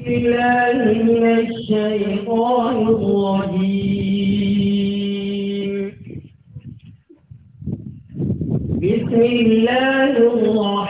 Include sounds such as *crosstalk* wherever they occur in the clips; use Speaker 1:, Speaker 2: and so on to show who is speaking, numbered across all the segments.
Speaker 1: بسم الله الرحمن الرحيم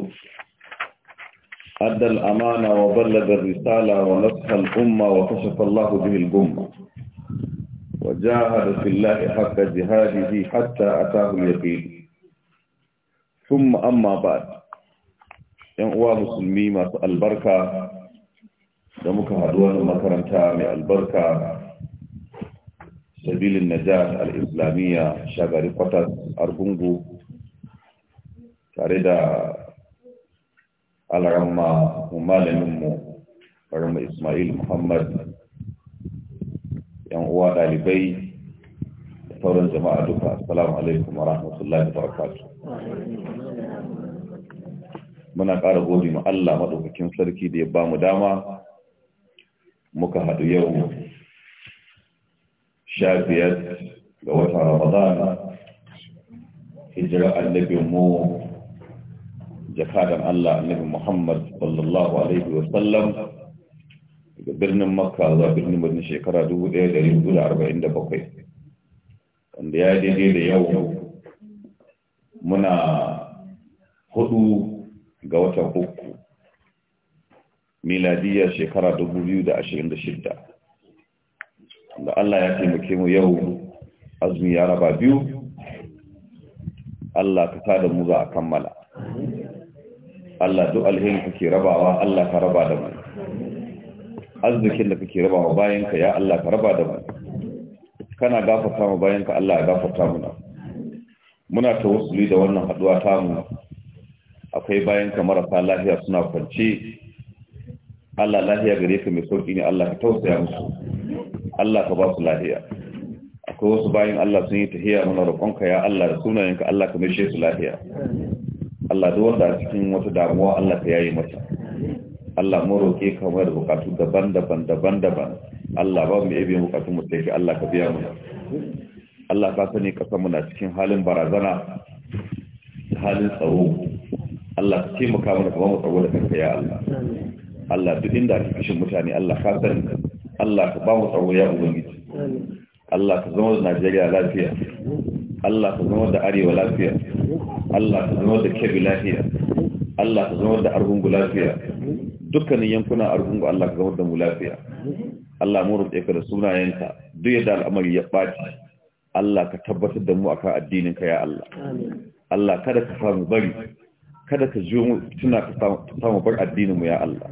Speaker 2: أدى الأمانة وبلغ الرسالة ونصح الأمة وكشف الله به الجمة وجاهد في الله حق جهاده حتى أتاه اليقين ثم أما بعد ينقوى مسلمي ما البركة دمك هدوان مكرمتا من البركة سبيل النجاة الإسلامية شغالي قطس أربنغو تاريدا alaramma malaminmu barama ismail muhammad yan uwa ɗalibai da sauran jama'a duka assalamu alaikum wa rahmatullahi wa barakatu muna ƙara gode ma Allah maɗaukakin sarki da ya ba mu dama muka haɗu yau sha biyar ga wata ramadana. hijira annabinmu jakadan Allah annabi Muhammad sallallahu alaihi wa sallam daga birnin Makka zuwa birnin Madina shekara 1447 wanda ya daidai da yau muna hudu ga watan uku miladiyya shekara 2026 da Allah ya taimake mu yau azumi ya raba biyu Allah ka da mu za a kammala Allah duk alheri kake rabawa Allah ka raba da mu arzikin da kake rabawa bayan ka ya Allah ka raba da mu kana gafarta mu bayan ka Allah ya gafarta mu muna tawassuli da wannan haduwa ta mu akwai bayan ka marasa lafiya suna kwance Allah lafiya gare ka mai sauki ne Allah ka tausaya musu Allah ka ba su lafiya akwai wasu bayan Allah sun yi tahiya muna roƙonka ya Allah da sunayenka Allah ka mai su lafiya Allah duk wanda a cikin wata damuwa Allah ka yayi mata Allah mu roke ka mai da bukatu daban-daban daban-daban Allah ba mu yabe bukatun mu sai Allah ka biya mu Allah ka sani ka samu na cikin halin barazana halin tsaro Allah ka taimaka mana kuma mu tsaro da kanka ya Allah Allah duk inda ake kishin mutane Allah ka sani Allah ka ba mu tsaro ya ubangiji Allah ka zama da Najeriya lafiya Allah ka zama da Arewa lafiya Allah ka zama da kebi lafiya Allah ka zama da argungu lafiya dukkanin yankunan argungu Allah ka zama da mu lafiya Allah mu roƙe ka da sunayenka duk yadda al'amari ya ɓaci Allah ka tabbatar da mu akan addinin ka ya Allah Allah kada ka samu bari kada ka ji mu tuna ka samu bar addinin mu ya Allah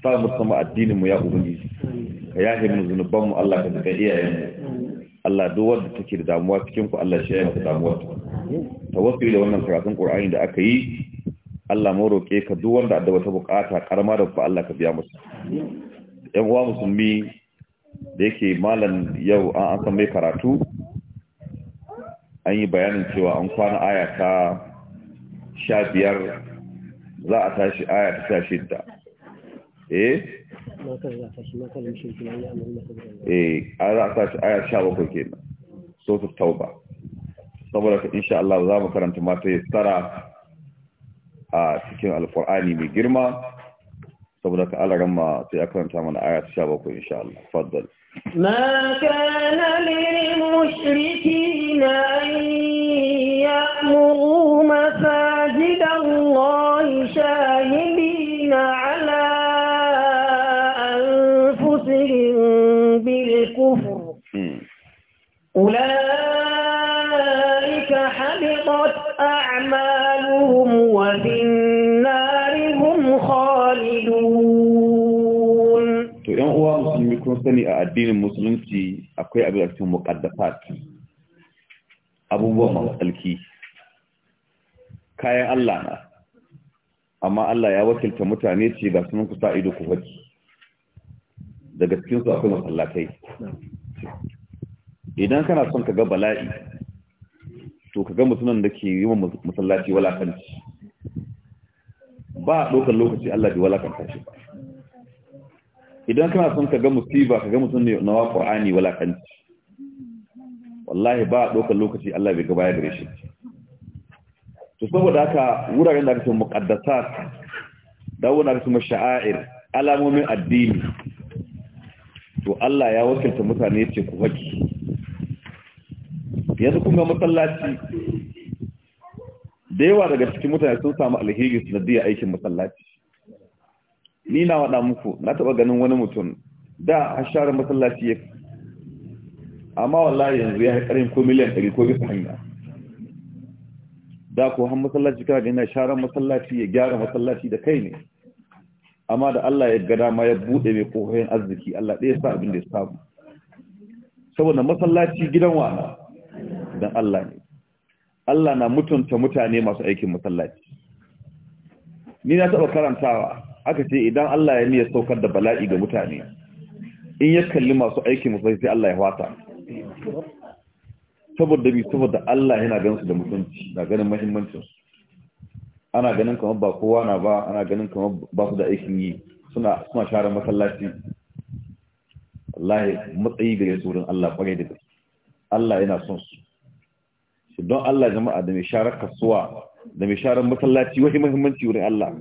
Speaker 2: ka samu sama addinin mu ya ubangiji ka yahe mu zunuban mu Allah ka duka iyayen mu Allah duk wanda take da damuwa cikin ku Allah shi ya mata damuwa tawassuli da wannan karatun Qur'ani da aka yi Allah mu roke ka duk wanda da wata bukata karama da ku Allah ka biya musu yan uwa musulmi da yake malam yau an an mai karatu an yi bayanin cewa an kwana aya ta biyar za a tashi aya ta shidda eh
Speaker 3: eh a za
Speaker 1: a sashi
Speaker 2: eh, aya sha bakwai ke nan sosu tauba saboda ka insha Allah za mu karanta mata ya tsara a cikin alfur'ani mai girma saboda ka ala ramma sai a karanta mana aya ta sha bakwai insha Allah faddal
Speaker 1: ma kana lil na. أولئك حبطت أعمالهم وفي النار هم خالدون
Speaker 2: to yan uwa musulmi kun sani a addinin musulunci akwai abin da cikin muqaddafat kayan Allah amma Allah ya wakilta mutane ce ba sunan ku daga cikin su akwai masallatai idan kana son ka ga bala'i to ka ga mutumin da ke yi wa masallaci walakanci ba a ɗaukar lokaci Allah bai walakanta shi ba idan kana son ka ga musiba ka ga mutumin na wa Qur'ani walakanci wallahi ba a ɗaukar lokaci Allah bai gaba ya gare shi to saboda haka wuraren da aka ce muqaddasat da wuraren da aka ce masha'air alamomin addini to Allah ya wakilta mutane ce ku haki yanzu kuma masallaci da yawa daga cikin mutane sun samu alheri su nadiya aikin masallaci ni na waɗa muku na taba ganin wani mutum da a share masallaci ya amma wallahi yanzu ya haƙarin ko miliyan ɗari ko bisa hanya da ko han masallaci kana yana sharar masallaci ya gyara masallaci da kai ne amma da Allah ya gada ma ya buɗe mai kohoyin arziki Allah ɗaya sa abin da ya samu saboda masallaci gidan wa'ana dan Allah ne Allah na mutunta mutane masu aikin masallaci ni na taba karantawa aka ce idan Allah ya niyya saukar da bala'i ga mutane in ya kalli masu aikin masallaci sai Allah ya wata saboda bi saboda Allah yana ganin su da mutunci na ganin muhimmancin su ana ganin kamar ba kowa na ba ana ganin kamar ba su da aikin yi suna suna share masallaci ya matsayi gare su wurin Allah kwarai da gaske Allah yana son su su don Allah jama'a da mai sharar kasuwa da mai sharar masallaci wani muhimmanci wurin Allah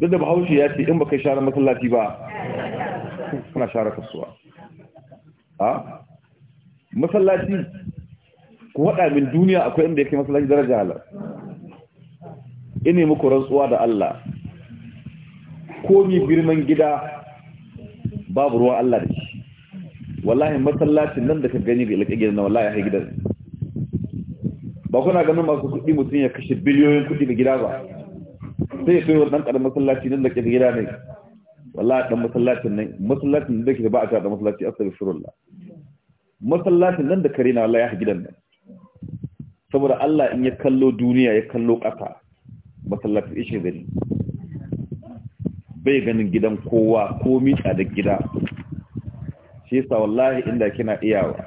Speaker 2: duk da bahaushe ya ce in baka sharar masallaci ba kana sharar kasuwa a masallaci ku haɗa min duniya akwai inda yake masallaci daraja halar ina muku rantsuwa da Allah komi birnin gida babu ruwa Allah da shi wallahi masallacin nan da ka gani ga ilaka gidan wallahi ya gidan ba kuna ganin masu kuɗi mutum ya kashe biliyoyin kuɗi ga gida ba sai sai wannan wa masallaci nan da ke gida ne wallahi ɗan masallacin nan masallacin da ke ba a ta da masallaci astaghfirullah masallacin nan da kare na wallahi ya gidan nan saboda Allah in ya kallo duniya ya kallo ƙasa masallaci ishe gani bai ganin gidan kowa ko miƙa da gida kisa wallahi inda kina iyawa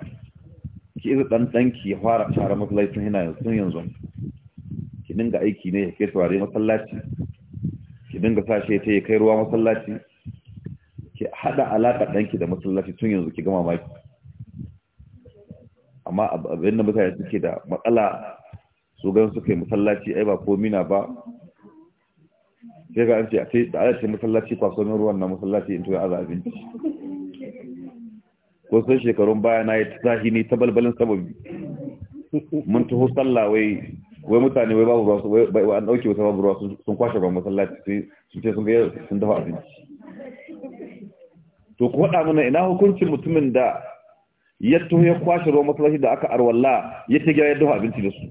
Speaker 2: ki izu dan danki ya fara fara masallacin hina yanzu yanzu ki dinga aiki ne ya kai masallaci ki dinga sashe ta ya kai ruwa masallaci ki hada alaka danki da masallaci tun yanzu ki gama maki amma abin da mutane suke da matsala su gan suka yi masallaci ai ba ko mina ba sai ga an ce da ala ce masallaci kwaso min ruwan na masallaci in tuya aza abinci sai shekarun baya na yi ta ne ta balbalin sababi mun taho sallah wai wai mutane wai babu ruwa wai an dauke wata babu ruwa sun kwashe ba masallaci sun ce sun ga sun dafa abinci to ku faɗa mana ina hukuncin mutumin da ya taho ya kwashe ruwan masallaci da aka arwalla ya ta gida ya dafa abinci da su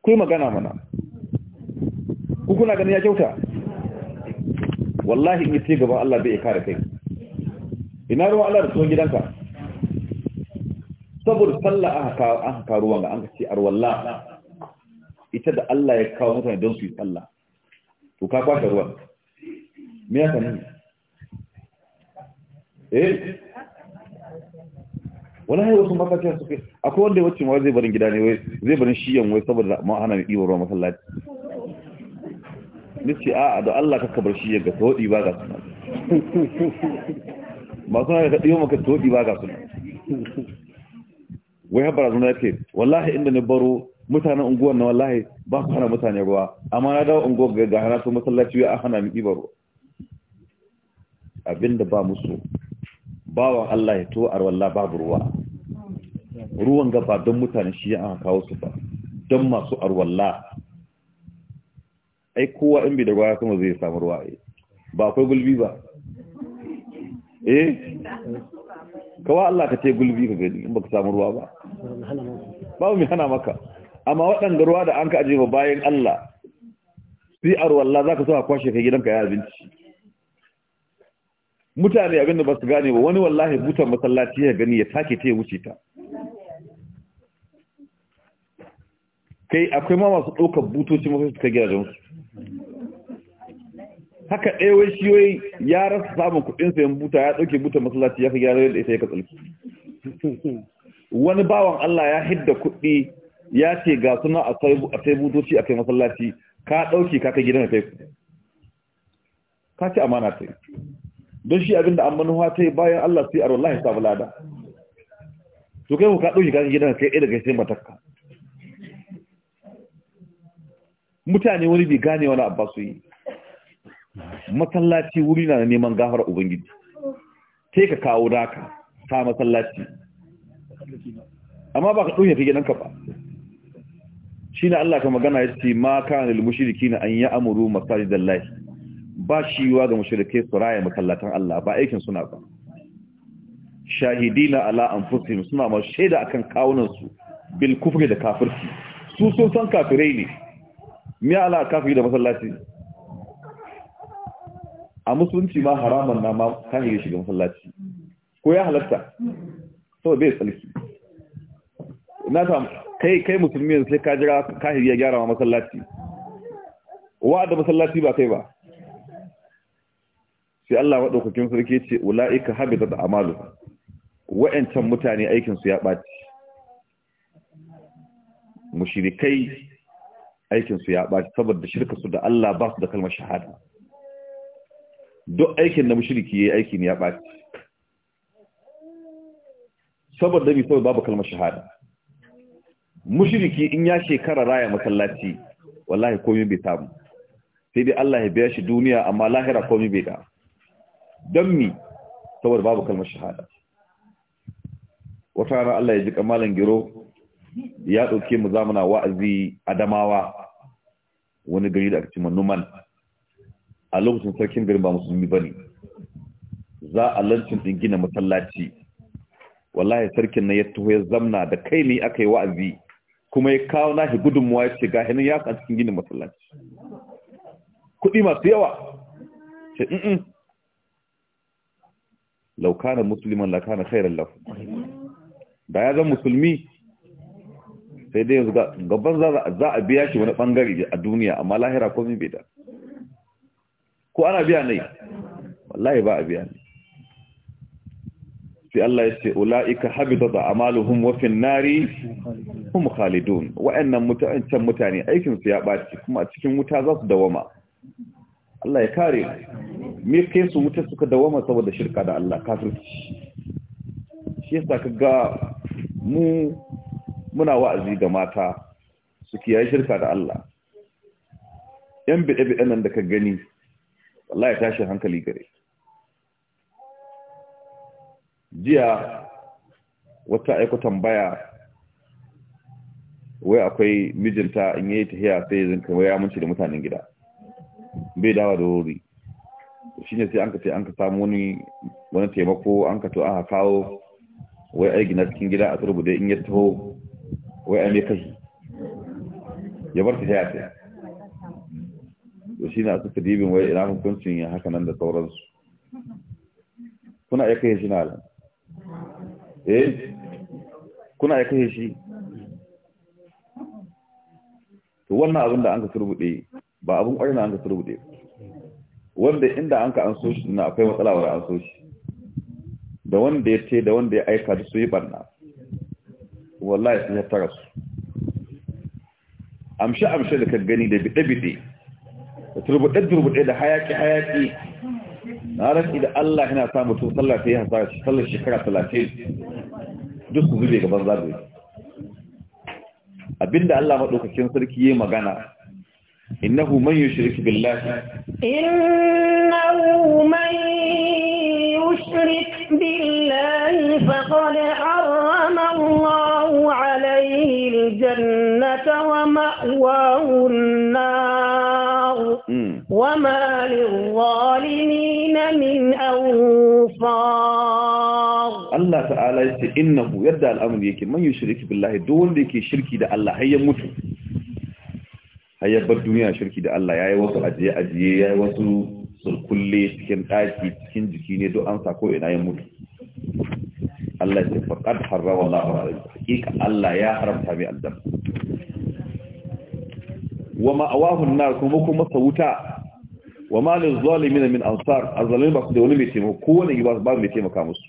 Speaker 2: ku yi magana mana ku kuna ganin ya kyauta wallahi in yi ce gaban Allah bai kare kai ina ruwan Allah da tuwon gidanka saboda sallah aka kawo ruwan ga an ka ce arwalla ita da Allah ya kawo mutane don su yi salla to ka kwashe ruwan me ya sani eh wala ka wasu su suke akwai wanda ya wacce ma zai barin gida ne wai zai barin shiyan wai saboda ma ana mai ɗiwar ruwan masallaci nace a da Allah ka kabar shiyan ga kawai ba ga suna ba suna da kaɗiyo maka toɗi ba ga suna wai haɓar azuna ya ce wallahi inda ni baro mutanen unguwar na wallahi ba su hana mutane ruwa amma na dawo unguwar ga gahana su masallaci ya hana mi ɗiba ruwa abinda ba musu bawan Allah ya to a wallah babu ruwa ruwan gaba don mutane shi aka kawo su ba don masu arwalla ai kowa in bi da ruwa kuma zai samu ruwa ba akwai gulbi ba eh kawa Allah ka ce gulbi ka gani in baka samu ruwa ba babu mai hana maka amma waɗanda ruwa da an ka ajiye bayan Allah sai a walla za ka so a kwashe ka gidanka ya abinci mutane abin da ba su gane ba wani wallahi butar masallaci ya gani ya take ta wuce ta kai akwai ma masu ɗaukar butoci masu suka su haka ɗaya wai shi wai ya rasa samun kuɗin sayan buta ya ɗauke buta masallaci ya fi gyara da ita ya ka tsalki wani bawan Allah ya hidda kuɗi ya ce ga suna a sai butoci a kai masallaci ka ɗauke ka kai gidan ka kai ka ce amana ta don shi abinda an manuwa ta yi bayan Allah sai a ya sabu lada to kai ku ka ɗauke ka kai gidan ka kai ɗaya daga sai matakka mutane wani bai gane wani abba su yi masallaci wuri na neman gafar ubangiji te ka kawo naka ta masallaci amma ba ka ɗauke ka gidanka ba shi na Allah ka magana ya ce ma kana da kina an yi da lai, ba shi yiwa ga mushrike su raya masallatan Allah ba aikin suna ba shahidina ala anfusihim suna ma shaida akan kawunansu bil kufri da kafirki. su sun san kafirai ne me ala kafiri da masallaci a musulunci ma haramun na ma kan iya shiga masallaci ko ya halatta saboda bai tsalki na ta kai kai musulmi yanzu sai ka jira kahiri ya gyara ma masallaci da masallaci ba kai ba sai Allah madaukakin sarki ce ulaika da a'malu wa'ancan mutane aikin su ya baci mushrikai aikin su ya baci saboda shirka su da Allah ba su da kalmar shahada duk aikin na mushriki yayi aiki ne ya baci saboda bi saboda babu kalmar shahada mushriki in ya shekara raya masallaci wallahi komai bai samu sai dai Allah ya biya shi duniya amma lahira komai bai da don mi saboda babu kalmar shahada wata rana Allah ya ji kamalan giro ya dauke mu zamana wa'azi adamawa wani gari da aka cimma numan a lokacin sarkin garin ba musulmi ba ne za a lancin ɗin gina masallaci wallahi sarkin na ya tuho ya zamna da kai ne aka yi wa'azi kuma ya kawo nashi gudunmuwa ya ce ga ya kan cikin gina masallaci kuɗi masu yawa ce in na musulman laukana khairar lafu da ya zan musulmi sai dai yanzu gaban za a biya shi wani ɓangare a duniya amma lahira komi bai da ko ana biya ne wallahi ba a biya ne sai Allah ya ce ula'ika habitat a'maluhum wa an nari hum khalidun wa'annan mutancan mutane aikin su ya baci kuma a cikin wuta za su dawama Allah ya kare me kai su wuta suka dawama saboda shirka da Allah kafirci shi yasa kaga mu muna wa'azi ga mata su kiyaye shirka da Allah yan bid'a nan da ka gani Allah ya tashi hankali gare jiya wata aiko tambaya wai akwai mijinta in yi tahiya sai ya zinka wai ya munci da mutanen gida bai dawa da wuri shi ne sai an ka ce an ka samu wani wani taimako an ka to aka kawo wai ai gina cikin gida a turbu dai in ya taho wai ai mai kashi
Speaker 3: ya bar ta tahiya
Speaker 2: to shine na suka dibin wai ina hukuncin ya haka nan da sauransu kuna ya kai shi na alam eh kuna ya kai shi to wannan abin da an ka turbude ba abin ƙwarin an ka turbude wanda inda an ka an so shi na akwai matsala wa an so shi da wanda ya ce da wanda ya aika da su yi barna wallahi sun ya tara su amshe amshe da ka gani da bide bide da turbuɗe-turbuɗe da hayaƙi-hayaƙi na rashi da Allah yana sa mutum sallah ta yi hasara sallar shekara talatin duk su zube gaban zabe abinda Allah maɗaukakin sarki ya magana innahu man yushrik billahi
Speaker 1: innahu man yushrik billahi faqad harrama Allahu alayhi al-jannata wa ma'wahu an-nar وما للظالمين من أنصار
Speaker 2: الله تعالى إنه يدى الأمر يكي من يشرك بالله yake ذلك شركي ده الله هيا متو هيا بالدنيا شركي ده الله يأي وصل أجيه أجيه يأي وصل sul kulle cikin daki cikin jiki ne do an sako ya mutu Allah ya faqad harrama Allah hakika Allah ya haramta mai aljanna wa ma'awahu an-nar kuma kuma sawuta wa ma lil zalimin min ansar azalimin ba su da wani mai taimako ko wani ba ba mai taimaka musu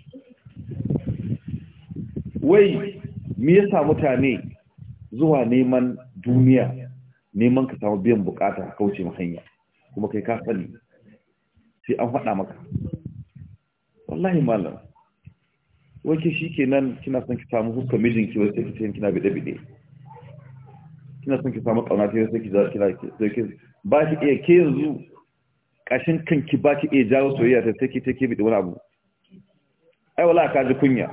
Speaker 2: wai me yasa mutane zuwa neman duniya neman ka samu biyan bukata ka kauce mu hanya kuma kai ka sani sai an faɗa maka wallahi malam wai ke shi kenan kina son ki samu huska mijinki wai sai ki ce kina bide bide kina son ki samu kauna ta sai ki za ki ba ki iya ke yanzu ƙashin kanki ba ki iya jawo soyayya ta take take bi da wani abu ai wala ka ji kunya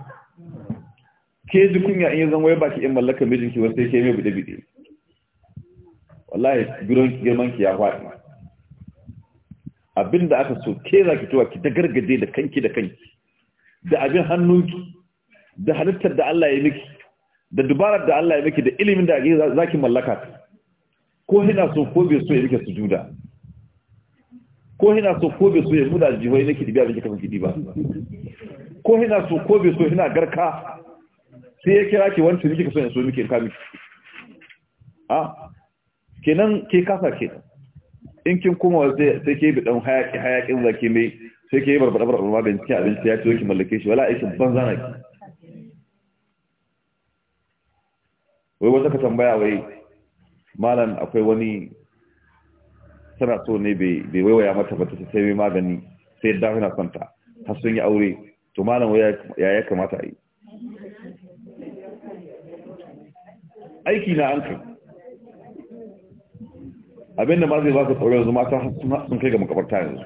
Speaker 2: ke ji kunya in yanzu wai baki in mallaka mijinki wani sai ke mai bude bude wallahi gidan girman ki ya faɗi abinda aka so ke za ki tuwa ki da gargade da kanki da kanki da abin hannunki da halittar da Allah ya miki da dubarar da Allah ya miki da ilimin da za ki mallaka ko hina so ko bai so ya miki sujuda ko hina so ko bai so ya muda jihoi ina kidibi abin da gidi ba ko hina so ko bai so hina garka sai ya kira ki wancan miki ka so ya so miki ka miki a kenan ke kasa ke in kin koma sai ke bi dan hayaki hayakin zaki mai sai ke yi barbaɗa barbaɗa maganin cikin abinci ya ce ki mallake shi wala aikin ban zana ki wai wata ka tambaya wai malam akwai wani tana so ne bai waiwaya mata ba ta sai mai magani sai yadda yana son ta har sun yi aure to malam ya ya kamata a yi aiki na an kai abinda ma zai ba ka tsoro yanzu mata sun kai ga makabarta yanzu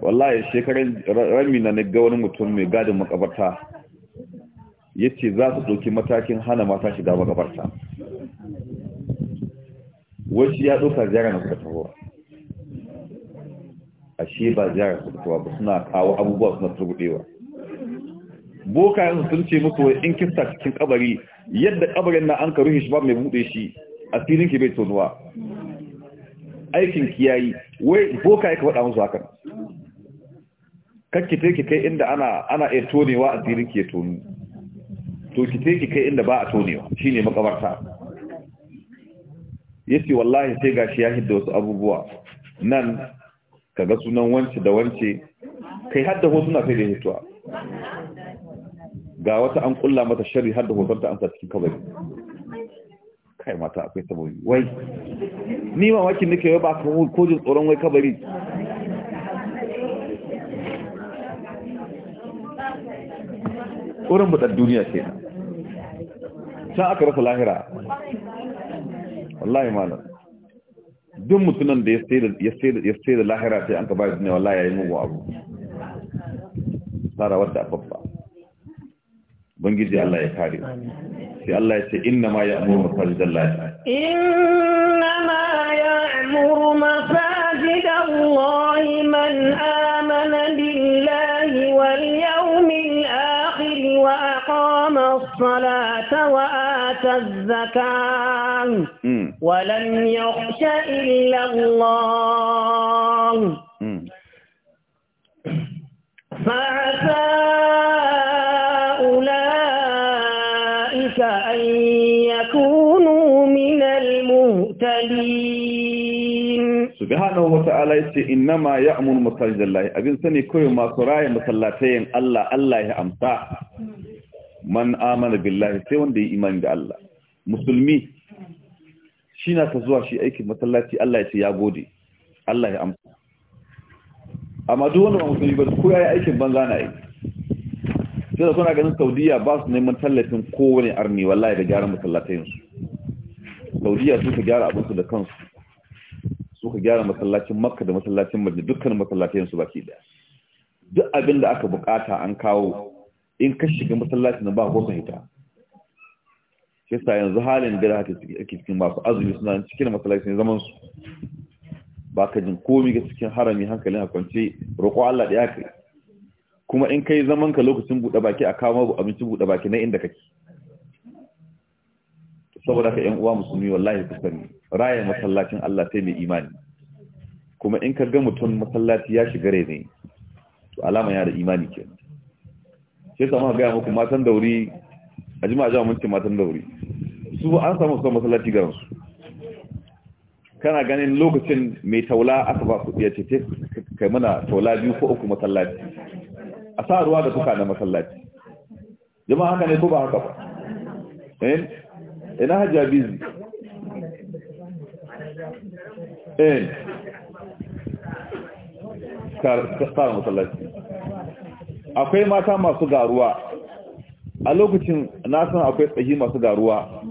Speaker 2: wallahi shekarun rami na ga wani mutum mai gadin makabarta ya ce za su ɗauki matakin hana mata shiga makabarta wasu ya ɗauka ziyara na suka tahowa ashe ba ziyara suka tahowa ba suna kawo abubuwa suna turbuɗewa bokayen sun ce musu wai in kista cikin kabari yadda kabarin na an karu shi ba mai buɗe shi filin ki bai tonuwa aikin kiyayi wai bokaye ka faɗa musu hakan kakki ki kai inda ana ana iya tonewa a ki ya tonu to ki kai inda ba a tonewa shine makabarta yake wallahi sai gashi ya hidda wasu abubuwa nan kaga sunan wance da wance
Speaker 3: kai hadda hotuna sai da hituwa ga wata an kulla
Speaker 2: mata shari hadda hotunta an sa cikin kabari kai mata akwai sabobi wai ni mamakin nake wai ba ka kojin tsoron wai kabari
Speaker 3: tsoron buɗar duniya ce sa can
Speaker 2: aka rasa lahira wallahi malam duk mutunan da ya sai da lahira sai an ka ba duniya wallahi yayi mugun abu tsara wadda a babba bangiji Allah ya kare sai Allah ya ce inna ma ya'muru masajidal lahi
Speaker 1: inna ma ya'muru da lahi man amana bi أقام الصلاة وآتى الزكاة ولم يخش إلا الله فعسى أولئك أن يكونوا من المهتدين
Speaker 2: سبحانه وتعالى يقول إنما يأمر مساجد الله أبين سني كوي ما سراي مسلاتين الله الله يا أمسا man amana billahi sai wanda ya imani da Allah musulmi shi na ta zuwa shi aikin masallaci Allah ya ce ya gode Allah ya amsa amma duk wanda ba musulmi ba ko yayi aikin banza na yi sai da kuna ganin Saudiya ba su neman tallafin kowane arni wallahi da gyaran masallatai su Saudiya suka gyara abin su da kansu suka gyara masallacin Makka da masallacin Madina dukkan masallatai su baki daya duk abin da aka bukata an kawo in ka shiga masallaci na ba ko san ita shi sa yanzu halin da haka ake cikin masu azumi suna cikin masallaci ne zaman su ba ka jin komi ga cikin harami hankalin a kwance roƙo Allah da ya kai kuma in kai zaman ka lokacin buɗe baki a kawo abinci buɗe baki na inda kake saboda ka ƴan uwa musulmi wallahi ku sani raya masallacin Allah sai mai imani kuma in ka ga mutum masallaci ya shiga rai ne to alama ya da imani kenan Sai samu a gaya muku matan dauri a jima'a jama'a mun ce matan dauri su an samu su masallaci garin su kana ganin lokacin mai taula aka ba ku ya ce te kai mana taula biyu ko uku masallaci a sa ruwa da suka na masallaci jama'a haka ne ko ba haka ba eh ina hajja bizi
Speaker 3: eh kar kar masallaci
Speaker 2: akwai mata masu garuwa a lokacin na san akwai tsahi masu garuwa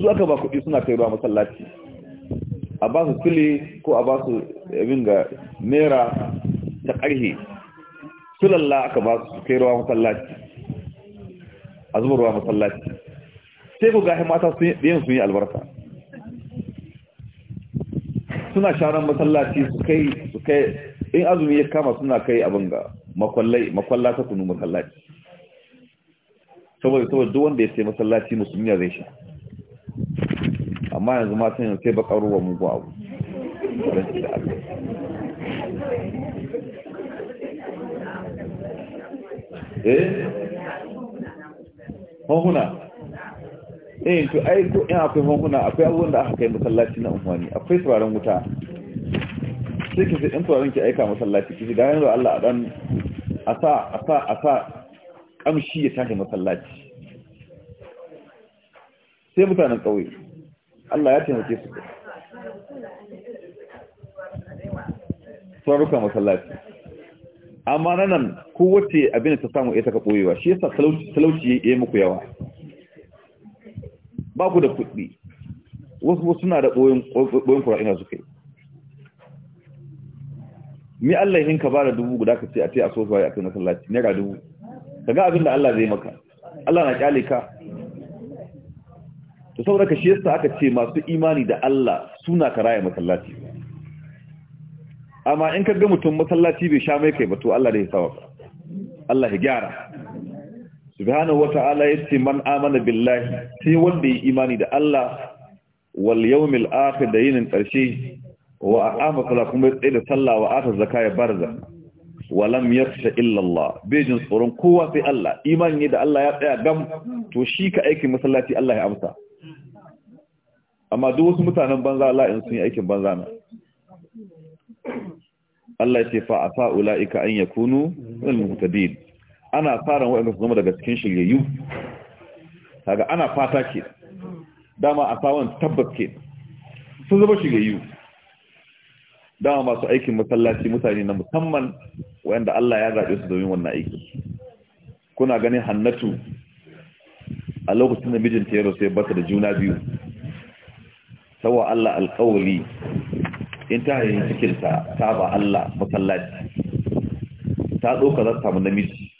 Speaker 2: su aka ba kuɗi suna kai ba masallaci a ba su fili ko a ba su eh, abin ga naira ta ƙarhe lalla aka ba su kai ruwa masallaci a zuba ruwa masallaci sai ku gahi mata yin sun yi albarka suna sharan masallaci su kai su kai in azumi ya kama suna kai abin ga makwallai makwalla ta kunu masallaci saboda saboda duk wanda ya sai masallaci musulmi ya zai sha amma yanzu ma sun sai karuwa mu ba abu eh hohuna eh to ai ko ina akwai hohuna akwai abubuwan da aka kai masallaci na umfani akwai turaren wuta sai ki sai ɗan turaren ki aika masallaci ki da yanzu Allah a ɗan a sa a sa a sa ƙamshi ya tashi masallaci sai mutanen kauye, Allah ya taimake su turaruka masallaci amma nan kowace abin da ta samu ya taka ɓoyewa shi yasa talauci ya yi muku yawa ba ku da kuɗi wasu suna da ɓoyin kura'ina su kai mi Allah yin ka bada dubu guda ka ce a ce a sofa ya kai masallaci naira dubu kaga abin da Allah zai maka Allah na kyale ka to saboda ka shi yasa aka ce masu imani da Allah suna karaya masallaci amma in ka ga mutum masallaci bai sha mai kai ba to Allah da ya sawa Allah ya gyara subhanahu wata'ala yace man amana billahi sai wanda ya imani da Allah wal yawmil akhir da yinin karshe wa aqama sala kuma ya da sallah wa ata zakka ya barza wa lam yakhsha illa Allah bai jin tsoron kowa sai Allah imani da Allah ya tsaya gam to shi ka aikin masallaci Allah ya amsa amma duk wasu mutanen banza Allah in sun yi aikin banza na Allah ya ce fa afa ulaika an yakunu al muhtadin ana fara wa'anda su zama daga cikin shiryayyu kaga ana fata ke dama a fawon tabbas ke sun zama shiryayyu dama masu aikin masallaci mutane na musamman wanda Allah ya zaɓe su domin wannan aiki kuna ganin hannatu a lokacin da mijinta ya rasu ya bata da juna biyu sawa Allah alƙawali in ta hanyar cikin ta ba Allah masallaci ta ɗauka za ta namiji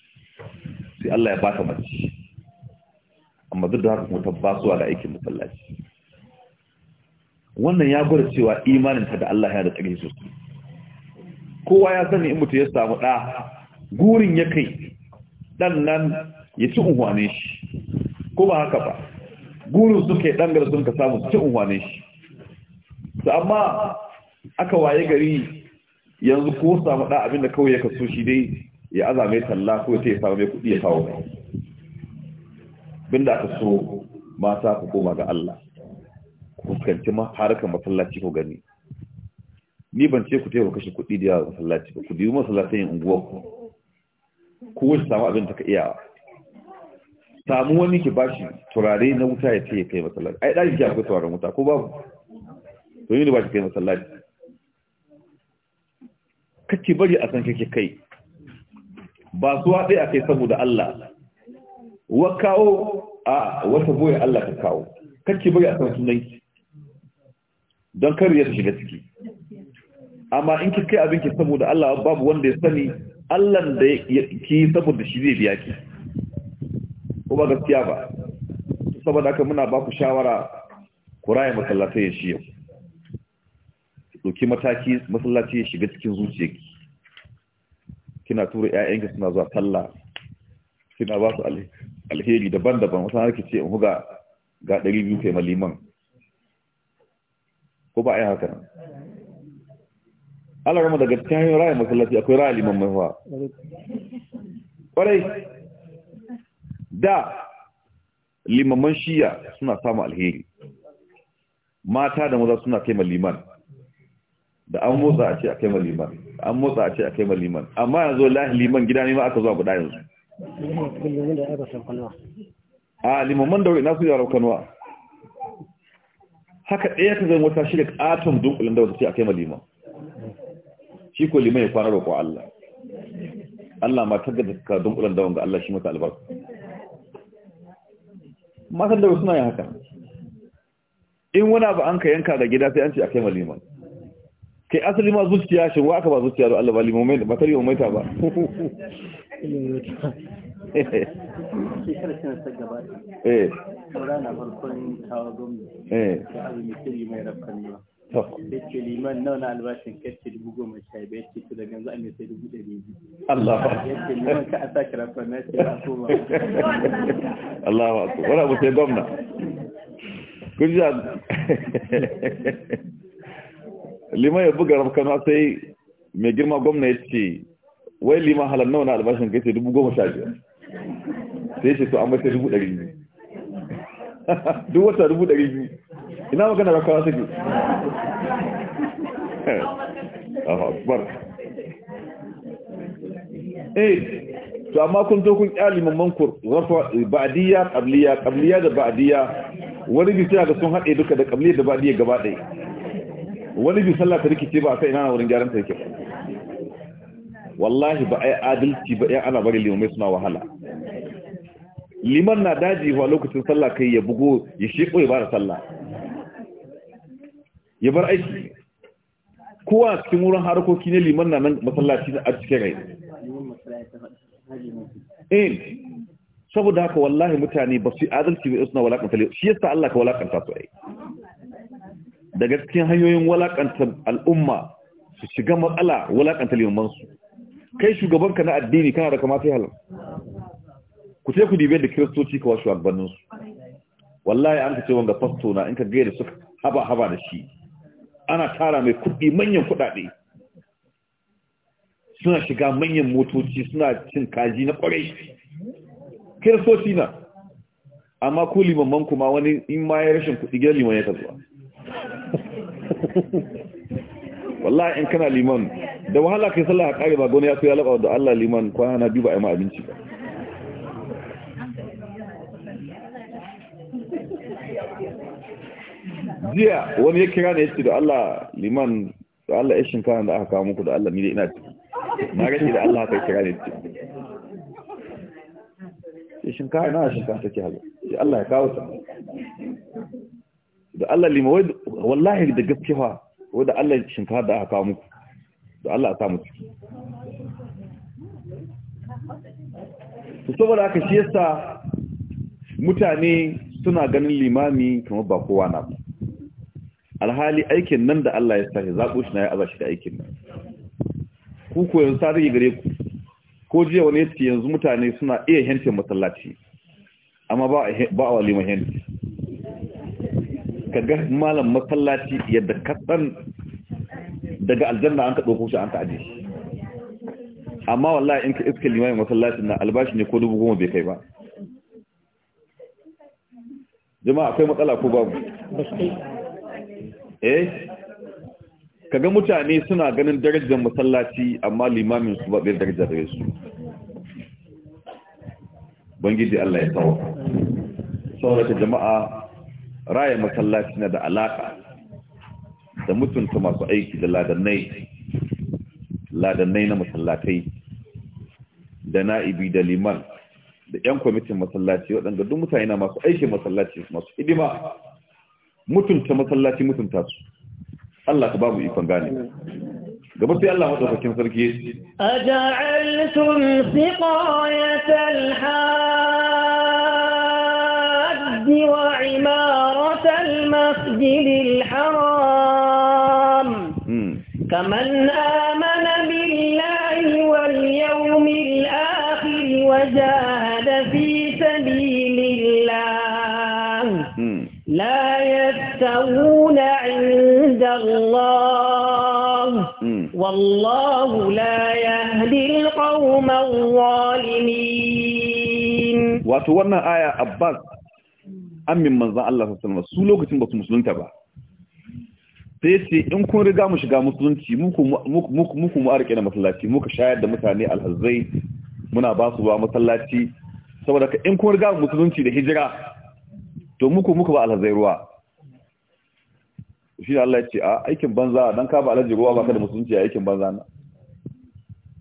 Speaker 2: sai Allah ya bata mace amma duk da haka kuma ta basuwa da aikin masallaci wannan ya gwada cewa imaninta da Allah ya da tsari sosai kowa ya sani in mutu ya samu ɗa gurin ya kai ɗan nan ya ci unhwane shi ko ba haka ba gurin suka ɗan ɗangar sun ka samu ci unhwane shi su amma aka waye gari yanzu ko samu ɗa abinda kawai ya kaso shi dai ya azame talla ko ta ya samu mai kuɗi ya kawo mai bin aka so mata ku koma ga Allah fuskanci harkar masallaci ko gani ni ban ce ku taimaka kashe kuɗi da yawa masallaci ba ku biyu masallacin yin unguwa ku ku wasu samu abin ta ka iya samu wani ki bashi turare na wuta ya ce ya kai masallaci ai ya kai turaren wuta ko babu to yi ne ba shi kai masallaci kake bari a san kake kai ba su haɗe a kai saboda Allah wa kawo a wata boye Allah ka kawo kake bari a san sunanki don kar ya shiga ciki amma in ki kai abin ki saboda Allah babu wanda ya sani Allah da ki saboda shi zai biya ki ko ba gaskiya ba saboda haka muna ba ku shawara ku raye masallaci ya shi yau doki mataki masallaci ya shiga cikin zuciyarki kina tura ƴaƴanki suna zuwa sallah kina ba su alheri daban-daban wasu har ki ce in huga ga 200 kai maliman ko ba a yi haka nan Allah rama daga cikin hanyoyin raya masallaci akwai raya liman mai hawa ƙwarai da limaman shiya suna samun alheri mata da maza suna kai liman da an motsa a ce a kai liman an motsa a ce a kai liman amma yanzu lahi liman gida ne ma aka zuwa guda yanzu a limaman da daure na su yaro kanuwa haka ɗaya ka zai wata shi da ƙaton dunkulin da wata ce a kai malima shi ko liman ya kwanar roƙo Allah Allah ma ta gada ka dunkulin da wanga Allah shi mata albarka matan da suna yin haka in wani abu an ka yanka ga gida sai an ce a kai malima kai asali ma zuciya shi wa aka ba zuciya don Allah ba limomai ba tare umai ta ta ba *laughs* eh. eh. a Allah a ba. Allah ba. Wani abu sai gwamna. Kun ji *laughs* Lima ya buga rabu na sai mai girma gwamna ya ce wai lima halar nauna albashin kai sai dubu goma sha biyar sai ce to an bai sai dubu ɗari biyu *laughs* duk wata dubu ɗari biyu ina magana ba kawo suke
Speaker 3: eh to amma kun
Speaker 2: zo kun kyali mamman kur rafa ba'diya qabliya qabliya da ba'diya wani bisa ga sun haɗe duka da qabliya da ba'diya gaba ɗaya wani bi sallah ta rikice ba a sai ina wurin gyaran ta yake ba wallahi ba ai adalci ba ai ana bari limamai suna wahala liman na daji wa lokacin sallah kai ya bugo ya sheko ya bara sallah ya bar aiki kowa cikin wurin harkoki ne liman na nan masallaci a cikin rai in eh, saboda haka wallahi mutane ba su adalci ba suna walakanta shi yasa Allah ka walakanta su ai eh. daga cikin hanyoyin walakanta al'umma su shiga matsala walakanta limansu kai shugabanka na addini kana da kamata halar ku ce ku dibe da kiristoci kawai shugabanninsu wallahi an ka ce fasto na in ka gaida suka haba haba da shi ana tara mai kuɗi manyan kuɗaɗe suna shiga manyan motoci suna cin kaji na ƙwarai kiristoci na amma ko limamman kuma wani in ma ya rashin kuɗi gidan liman ya ka zuwa
Speaker 3: *laughs*
Speaker 2: wallahi in kana liman da wahala kai sallah a kare ba gona ya so ya da Allah liman kwana na biyu ba a yi ma abinci ba
Speaker 3: jiya wani
Speaker 2: ya kira ne ya ce da Allah liman da Allah ya shinkara da aka kawo muku da Allah ni dai ina ciki na gashi da Allah haka kira ne ce ya shinkara na shinkara take haka Allah ya kawo ta da Allah limawai wallahi da gaskiya wadda Allah shinkafa da aka kawo muku da Allah a sa ciki su saboda aka shi yasa mutane suna ganin limami kuma ba kowa na ba alhali aikin nan da Allah ya sashi zaɓo shi na ya azashi da aikin nan ku ko yanzu ta rage gare ku ko jiya wani yace yanzu mutane suna iya hentin masallaci amma ba a wa liman hentin ka ga malam masallaci yadda kasan daga aljanna an ka ɗauko shi an ka aje amma wallahi in ka iska limamin masallacin na albashi ne ko dubu goma bai kai ba jama'a akwai matsala ko babu eh Ka ga mutane suna ganin darajar masallaci amma limamin su ba bai darajar da su bangiji Allah ya tsawo saboda jama'a raya masallaci na da alaka da mutunta masu aiki da ladannai ladannai na masallatai da na'ibi da liman da 'yan kwamitin masallaci waɗanda duk mutane na masu aikin masallaci masu hidima mutunta masallaci mutunta su Allah ka babu ikon gane gaba sai Allah maɗaukakin sarki
Speaker 1: A aja'altum siqayatal haɗi wa imam المسجد الحرام كمن آمن بالله واليوم الآخر وجاهد في سبيل الله لا يستوون عند الله والله لا يهدي القوم
Speaker 3: الظالمين
Speaker 2: وتوانا آية أباس Amin manzan Allah sassan wasu su lokacin ba su musulunta ba sai ce in kun riga mu shiga musulunci muku mu arike masallaci muka shayar da mutane alhazai muna ba su ba masallaci saboda ka in kun riga musulunci da hijira to muku muku ba alhazai ruwa shi da Allah ya ce a aikin banza don ka ba alhaji ruwa ba ka da musulunci a aikin banza na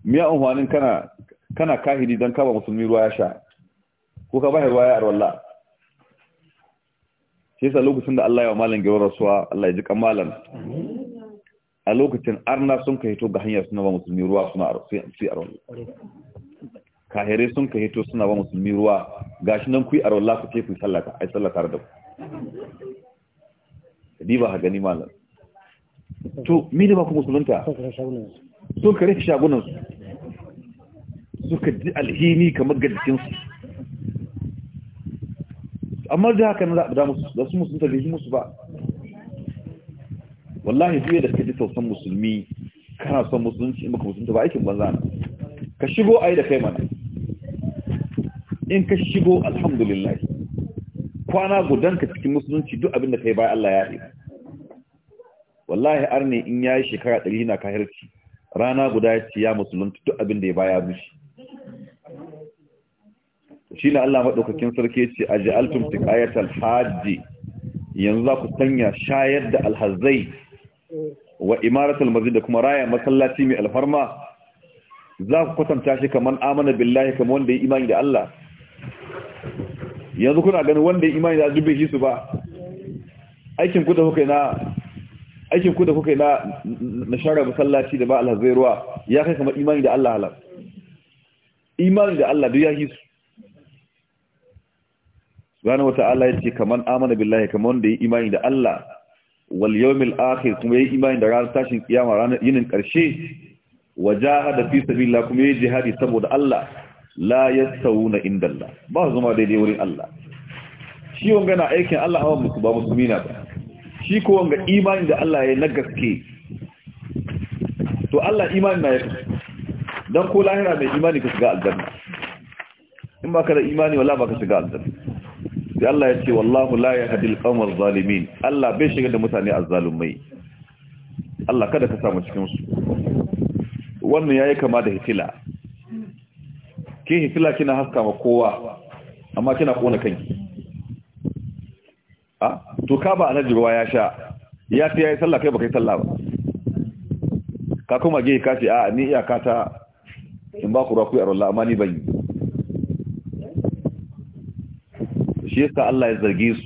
Speaker 2: miya unhwanin kana kana kahiri don ka ba musulmi ruwa ya sha ko ka ba ruwa ya arwallah shi yasa lokacin da Allah ya wa malam gaurar rasuwa Allah ya ji kan malam a lokacin arna sun ka hito ga hanyar suna ba musulmi ruwa suna sai aron kahere sun ka hito suna ba musulmi ruwa gashi nan kuyi yi aron lafi ke ku sallaka ai sallaka da ku ba ha gani malam to mini ba ku musulunta sun ka rufe shagunan su suka ji alhini kamar gajikinsu jikinsu amma da haka na za musu da su musulunta da musu ba wallahi duk da kaji tausan musulmi kana son musulunci in baka musulunta ba aikin banza ne ka shigo ayi da kai mana in ka shigo alhamdulillah kwana gudan ka cikin musulunci duk abin da kai bai Allah ya yi wallahi arne in yayi shekara 100 na kahirci rana guda ya ce ya musulunta duk abin da ya baya mushi shi ne Allah maɗaukakin sarki ce a ji altumtik ayatul alhaji yanzu za ku sanya shayar da alhazai wa imarat almazi da kuma raya masallaci mai alfarma za ku kwatanta shi kaman amana billahi kaman wanda ya imani da Allah yanzu kuna ganin wanda ya imani da dubbe shi su ba aikin ku da kuka na aikin ku da kuka na na share masallaci da ba alhazai ruwa ya kai kamar imani da Allah halal imani da Allah duk ya hisu wata Allah ya yace kaman amana billahi kaman da yi imani da Allah wal yawmil akhir kuma yi imani da ranar tashin kiyama ranar yinin karshe wajahada fi sabilillah kuma yi jihadi saboda Allah la ya yasawuna indallah ba zama daidai wurin Allah shi wanga na aikin Allah hawan musu ba musulmi na ba shi ko wanga imani da Allah ya na gaske to Allah imani na ya dan ko lahira mai imani ka shiga aljanna in ba ka da imani wala ba ka shiga aljanna sai Allah ya ce wallahu la yahdil qawmal zalimin Allah bai shiga da mutane azzalumai Allah kada ka samu cikin su wannan yayi kama da hitila ke hitila kina haska ma kowa amma kina kona kanki a ah, to ka ba alhaji ruwa ya sha ya ta yayi sallah kai baka yi sallah ba ka kuma ge ka ce a ni iyaka ta in ba ku ruwa ku yi amma ni ban yi shi yasa Allah ya zarge su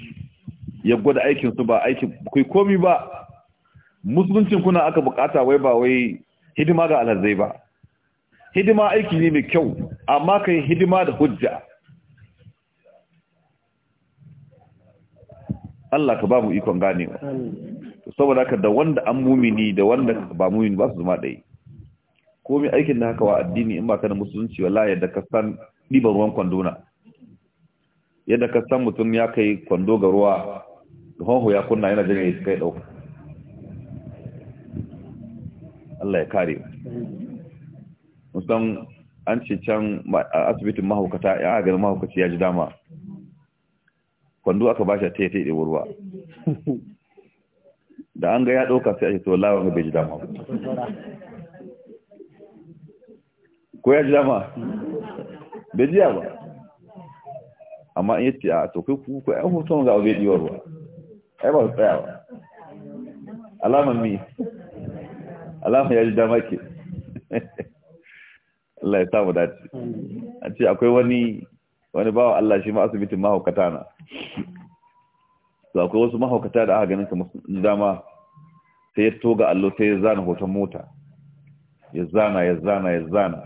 Speaker 2: ya gwada aikin su ba aikin kai komi ba musuluncin kuna aka bukata wai ba wai hidima ga alhazai ba hidima aiki ne mai kyau amma kai hidima da hujja Allah ka ba mu ikon ganewa saboda haka da wanda an mumini da wanda ba mumini ba su zama ɗaya komai aikin da haka wa addini in ba ka da musulunci wallahi da ka san ɗiban ruwan kwanduna yadda ka san mutum ya kai kwando ga ruwa honhu ya kunna yana jin iska kai dauka Allah ya kare musan an ce can asibitin mahaukata ya agar mahaukaci ya ji dama kwando aka bashi ta yi ruwa da an ga ya ɗauka sai a tsohon lawan bai ji dama ko ya ji dama bai jiya ba amma in yace a to kai ku ku ai hoton ga obe diwa ruwa ai ba tsaya ba alama mi alama ya ji dama ke *laughs* Allah ya sa mu dace a ce akwai wani wani bawa Allah shi ma asibitin mahaukata na to akwai wasu mahaukata da aka ganin kamar dama sai ya toga allo sai ya zana hoton mota ya zana ya zana ya zana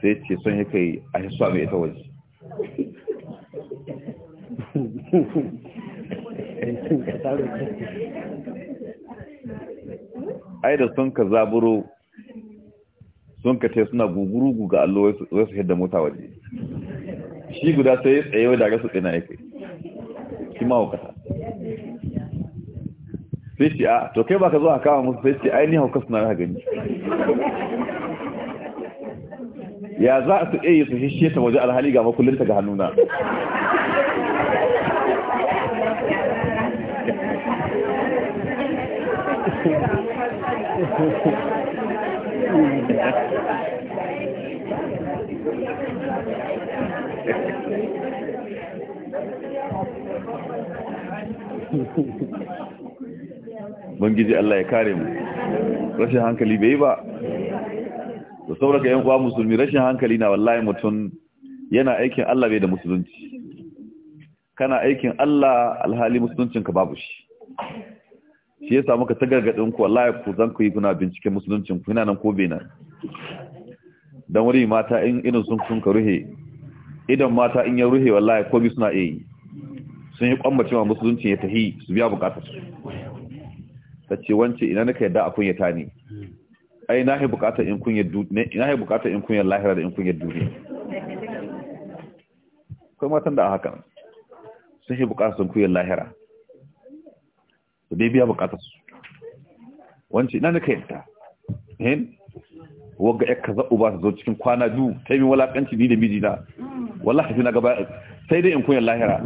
Speaker 2: sai ce son ya kai a shi mai ita waje ai da sun ka zaburo sun ka ce suna gugurugu ga allo wai su hidda mota waje shi guda sai tsaye wa daga su tsina ya kai shi ma hukata sai shi a to kai ba ka zo a kama musu sai shi ai ni suna raha gani ya za a su yi su hishe ta waje alhali ga makullinta ga hannuna bangiji Allah ya kare mu rashin hankali bai ba da saboda yan uwa musulmi rashin hankali na wallahi mutum yana aikin Allah bai da musulunci kana aikin Allah alhali musuluncinka babu shi shi ya samu ka gargadin ku wallahi ku zan ku yi kuna binciken musuluncin ku nan ko bai nan dan wuri mata in irin sun kun ka ruhe idan mata in ya ruhe wallahi ko bi suna yi sun yi kwambace musuluncin musulunci ya tahi su biya bukatar su tace wance ina naka yadda akun ya tani ai na yi bukata in kunyar lahira da in kunyar duniya kai matan da haka sun shi bukata sun kunyar lahira to dai biya bukata su wanci ina nika yanta hin wagga ya kaza uba ta zo cikin kwana biyu kai yi walakanci ni da miji na wallahi na gaba sai dai in kunyar lahira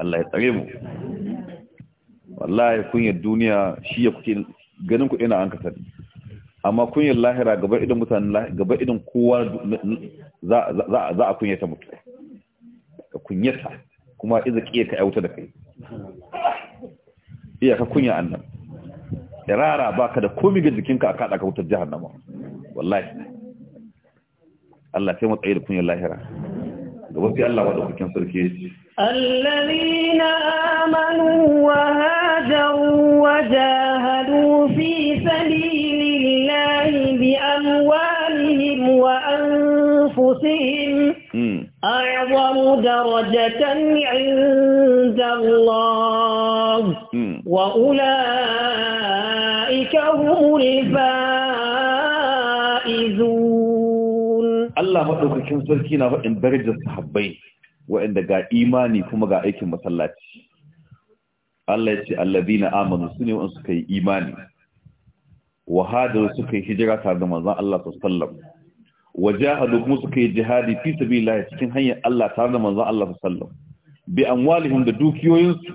Speaker 2: Allah ya tsare mu wallahi kunyar duniya shi ya kuke ganin ku ina an kasar amma kunyar lahira gaba idan mutane gaba idan kowa za a kunyata mutu ka kunyata kuma iza kiya ka yauta da kai iya ka kunya annan irara ka da komi ga jikinka a kaɗa ka wutar nama, wallahi Allah sai mu tsaye da kunyar lahira gaba fi Allah wadda kukin sarki yace
Speaker 1: alladhina amanu وَآذَرُوا وَجَاهَدُوا فِي سَبِيلِ اللَّهِ بِأَمْوَالِهِمْ وَأَنفُسِهِمْ hmm. أَعْظَمُ دَرَجَةً عِندَ اللَّهِ hmm. وَأُولَئِكَ هُمُ الْفَائِزُونَ Allah maɗaukakin
Speaker 2: sarki na faɗin darajar sahabbai waɗanda ga imani kuma ga aikin masallaci. Allah ya ce allazina amanu sune wanda suka yi imani wa hadaru suka yi hijira tare da manzon Allah sallallahu alaihi wasallam wa jahadu kuma suka yi jihadi fi sabilillah cikin hanyar Allah tare da manzon Allah sallallahu alaihi wasallam bi amwalihim da dukiyoyinsu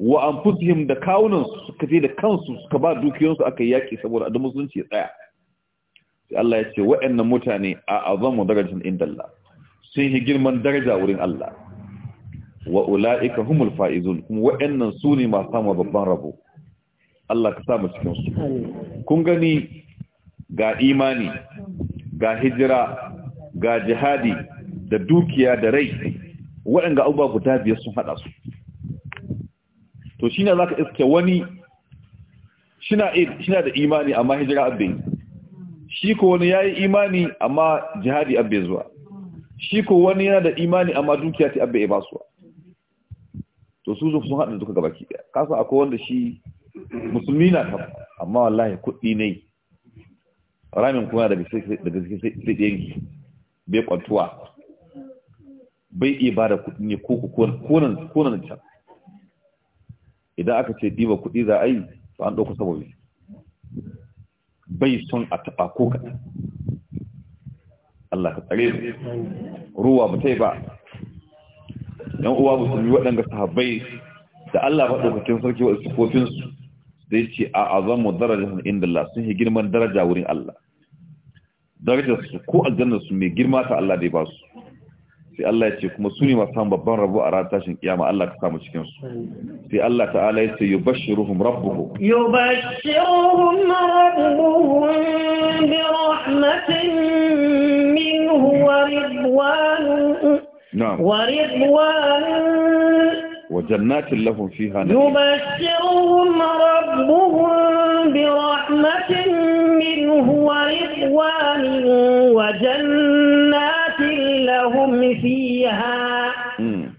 Speaker 2: wa anfusihim da su suka je da kansu suka ba dukiyoyinsu aka yaki saboda adamu musulunci ya tsaya sai Allah ya ce wa'annan mutane a azamu darajatin indallah sun yi girman daraja wurin Allah wa ula'ika humul fa'izun kuma waɗannan su ne masu samu babban rabo Allah ka samu cikin
Speaker 3: su
Speaker 2: kun gani ga imani ga hijira ga jihadi da dukiya da rai waɗanda abubuwa guda biyar sun haɗa su to shi ne za ka iske wani shina da imani amma hijira abin shi ko wani ya yi imani amma jihadi abin zuwa shi ko wani yana da imani amma dukiya ta abin ya basuwa to su zo sun haɗa duka gabaki ɗaya kasan akwai wanda shi musulmi na ta amma wallahi kuɗi ne ramin kuma da gaske sai yanki bai kwantuwa bai iya ba da kuɗi ne ko nan can idan aka ce diba kuɗi za a yi to an ɗauka saboda. bai son a taɓa ko kaɗan Allah ka tsare ruwa ba ta yi ba yan uwa musulmi waɗanda sahabbai da Allah maɗaukakin sarki wa sufofinsu zai ce a azamu darajar inda Allah sun yi girman daraja wurin Allah darajar su ko aljannar su mai girma ta Allah da ya ba su sai Allah ya ce kuma su ne masu babban rabo a ranar tashin kiyama Allah ka samu cikin su sai Allah ta'ala ya ce yubashshiruhum rabbuhum
Speaker 1: yubashshiruhum rabbuhum bi rahmatin minhu wa ridwanun نعم ورضوان
Speaker 2: وجنات لهم فيها نعيم يبشرهم
Speaker 1: ربهم برحمة منه ورضوان وجنات لهم فيها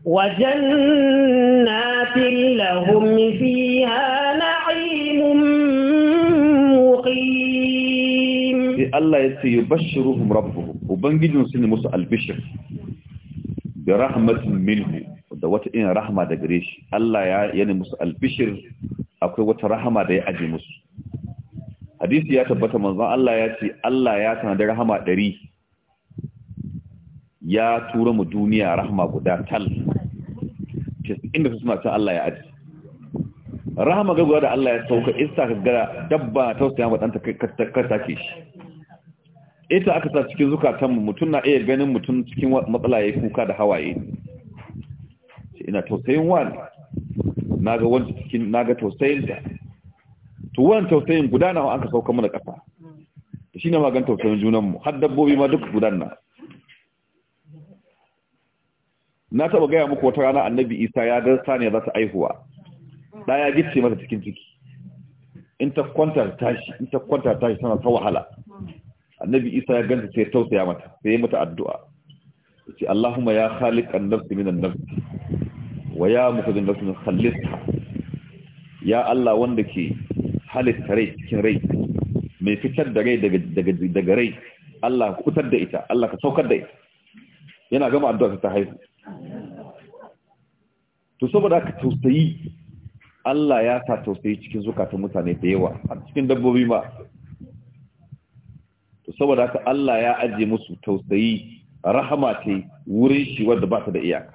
Speaker 1: وجنات لهم فيها نعيم مقيم
Speaker 2: الله يبشرهم ربهم وبنجدهم سن موسى البشر bi rahmatin minhu da wata irin rahama da gare shi Allah ya yana musu albishir akwai wata rahama da ya aje musu hadisi ya tabbata manzon Allah ya ce Allah ya da rahama ɗari ya tura mu duniya rahama guda tal inda su suna can Allah ya aje rahama gaggawa da Allah ya sauka isa ga dabba tausaya wa ɗanta ka take shi ita aka sa cikin zukatanmu mutum na iya ganin mutum cikin matsala ya kuka da hawaye ina tausayin wani na ga wani cikin na ga tausayin da tuwon tausayin gudana wa an ka sauka mana ƙasa shi ne magan tausayin junanmu har dabbobi ma duk gudanna na taɓa gaya muku wata rana annabi isa ya ga saniya za ta aihuwa ɗaya gicce mata cikin ciki in ta kwanta tashi in ta kwanta tashi sana ta wahala annabi isa ya ganta sai tausaya mata sai ya mata addu'a yace Allahumma ya an nafs min an-nafs wa ya an nafs min khallisha ya Allah wanda ke halitta rai cikin rai mai fitar da rai daga daga daga rai Allah ka fitar da ita Allah ka saukar da ita yana gama addu'a ta haihu to saboda ka tausayi Allah ya sa tausayi cikin zukatan mutane da yawa a cikin dabbobi ma to saboda haka Allah ya aje musu tausayi rahama ce wurin shi wadda ba ta da iyaka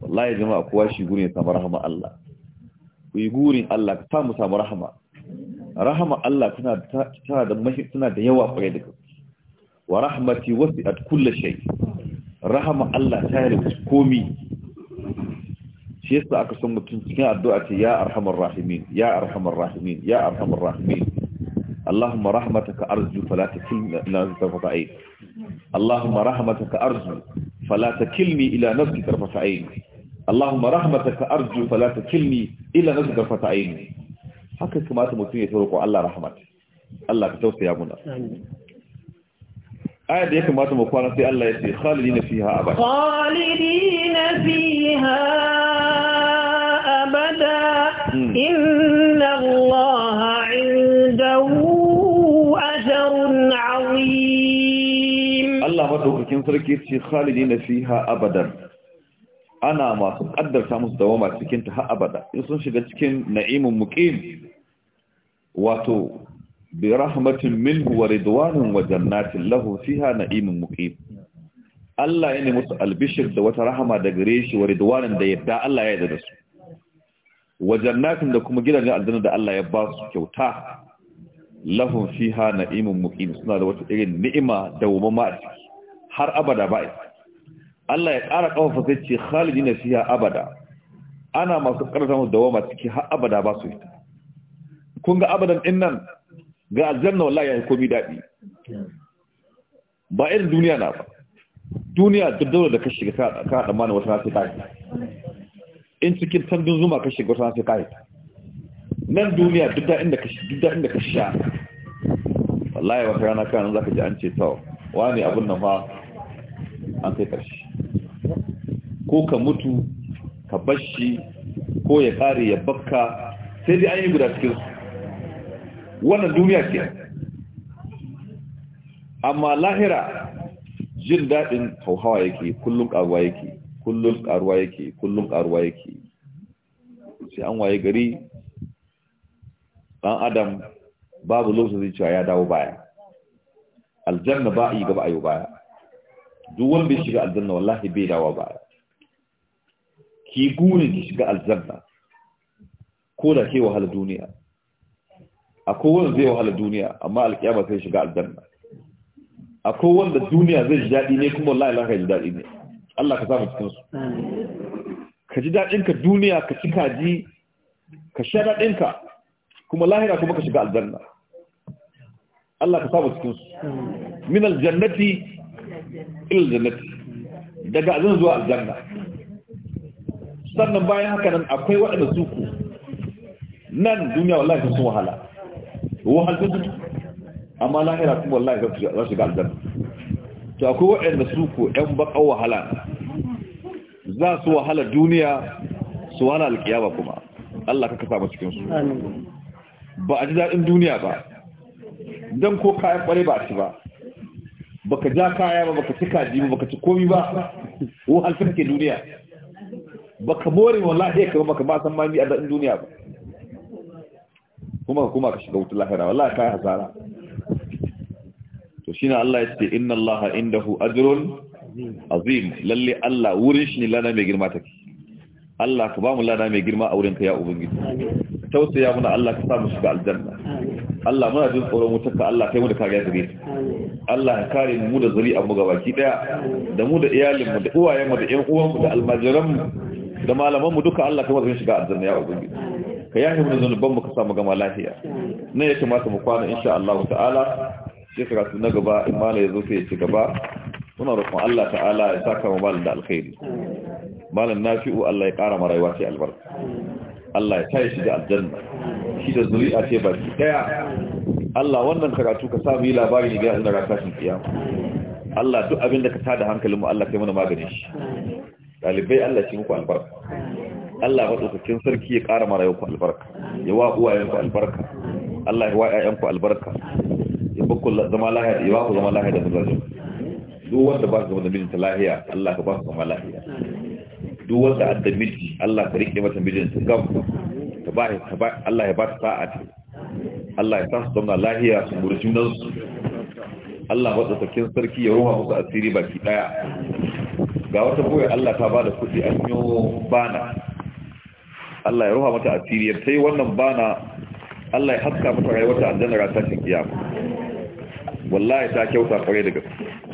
Speaker 2: wallahi jama'a kowa shi gurin ya samu rahama Allah ku yi gurin Allah ka samu samu rahama rahama Allah tana tana da mashi tana da yawa kwarai da gaske wa rahmati wasi'at kulli shay rahama Allah ta yi komi shi yasa aka san mutum cikin addu'a ce ya arhamar rahimin ya arhamar rahimin ya arhamar rahimin اللهم رحمتك أرجو فلا تكلني إلى نفسي طرفة عين اللهم رحمتك أرجو فلا تكلني إلى نفسي طرفة عين اللهم رحمتك أرجو فلا تكلني إلى نفسي طرفة عين haka kamata mutum ya taurako Allah rahmat Allah ka tausaya muna aya da ya kamata mu kwana sai Allah ya ce khalidina fiha abada
Speaker 1: khalidina abada hmm.
Speaker 2: madaukakin sarki ce khalidi na fi ha abadan ana masu ƙaddarta musu dawama cikin ta ha abada in sun shiga cikin na'imin muqim wato bi rahmatin minhu wa ridwanin wa jannatin lahu fiha na'imin muqim Allah ya nemi albishir da wata rahama da gare shi wa ridwanin da yadda Allah ya yarda da su wa jannatin da kuma gidan aljanna da Allah ya ba su kyauta lahu fiha na'imun muqim suna da wata irin ni'ima da wumama a ciki har abada ba Allah ya ƙara ƙawafa sai ce khalidi na fiya abada ana masu ƙarfa dawo dawama ciki har abada ba su ita kun ga abadan ɗin nan ga aljanna wallahi ya yi komi daɗi ba irin duniya na ba duniya duk daura da ka shiga ka haɗa mana wata nasu kayi in cikin tandun zuma ka shiga wata nasu kayi nan duniya duk da inda ka sha wallahi wata rana kanan za ka ji an ce tawo wani abun nan fa an kai ƙarshe ko ka mutu ka bashi ko ya kare ya bakka sai dai an yi guda cikin wannan duniya ke amma lahira jin daɗin hauhawa yake kullum ƙaruwa yake kullum ƙaruwa yake kullum ƙaruwa yake sai an waye gari ɗan adam babu lokacin zai cewa ya dawo baya aljanna ba yi gaba ayo baya duk wanda ya shiga aljanna wallahi bai dawa baya ki gurin ki shiga aljanna ko da ke wahala duniya akwai wanda zai wahala duniya amma alkiyama sai shiga aljanna akwai wanda duniya zai ji daɗi ne kuma wallahi laka ka ji daɗi ne Allah ka samu cikin su ka ji daɗin ka duniya ka ci kaji ka sha daɗin ka kuma lahira kuma ka shiga aljanna Allah ka saba cikin su min aljannati ila aljannati daga azan zuwa aljanna sannan bayan haka nan akwai waɗanda su ku nan duniya wallahi sun wahala wahalta su amma lahira kuma wallahi za su shiga aljanna to akwai waɗanda su ku ɗan baƙar wahala za su wahala duniya su wahala alƙiyama kuma Allah ka kasa cikin su ba a ji daɗin duniya ba don ko kayan ƙware ba ci ba baka ja kaya ba baka ci kaji ba baka ci komi ba wahal ke duniya baka more wallahi ka baka ba san mami a daɗin duniya ba kuma kuma ka shiga wutar lahira wallahi kai hasara to shine Allah ya ce inna Allah indahu ajrun azim lalle Allah wurin shi ne lana mai girma take Allah ka ba mu lana mai girma a wurin ka ya ubangiji tausaya mana Allah ka sa mu shiga aljanna Allah muna jin tsoron wutar ta Allah kai mu da kariya gare ta Allah ya kare mu da a mu gabaki daya da mu da iyalin mu da uwayen mu da ƴan uwan mu da almajiran mu da malaman mu duka Allah kai mu shiga aljanna ya ubangiji ka yahi mu zanuban mu ka samu gama lafiya ne ya kamata mu kwana insha Allah ta'ala sai karatu na gaba in mala yazo sai ya ci gaba muna roƙon Allah ta'ala ya saka mu malam da alkhairi malam nafi'u Allah ya ƙara marayuwa sai albarka Allah ya tayi shi da aljanna shi da zuri'a ce baki daya Allah wannan karatu ka samu yi labari ne ga yanzu na tashin kiyama Allah duk abin da ka tada hankalinmu Allah kai mana magani shi Dalibai Allah ce muku albarka Allah maɗaukakin sarki ya ƙara mara yanku albarka ya wa uwayenku albarka Allah ya wa ƴaƴanku albarka ya bakku zama lahiya ya yawa ku zama lahiya da mazajin duk wanda ba su zama da mijinta lahiya Allah ka ba su zama lahiya duk wanda adda miji Allah ka rike mata mijinta gam. ka ba Allah ya ba ta sa'a ce Allah ya sa su zauna lahiya su guri junansu Allah sarki ya ruwa musu asiri baki ta ba da kudi yi bana ya ruwa mata ta yi wannan bana Allah ya haska kyauta kwarai
Speaker 3: da